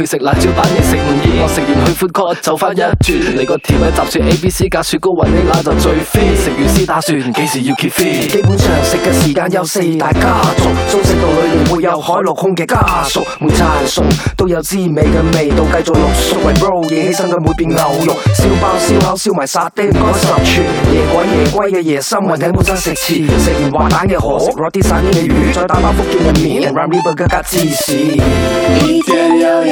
去食辣椒，把你食唔厭；我食完去寬 coat，就翻一轉。嚟個甜品集串 A B C 加雪糕，混啲辣就最 fit。食完先打算，幾時要 keep fit？基本上食嘅時間有四大家族，中式到裏邊會有海陸空嘅家屬，每餐餸都有滋味嘅味道，繼續濃縮。為 roll 惹起身嘅每片牛肉，燒包燒烤燒埋沙爹，唔該十串。夜鬼夜鬼嘅夜深，雲頂本身食翅，食完滑蛋嘅河，食落啲生嘅魚，再打包福建嘅麵，and ramen burger 加芝士。一定要有。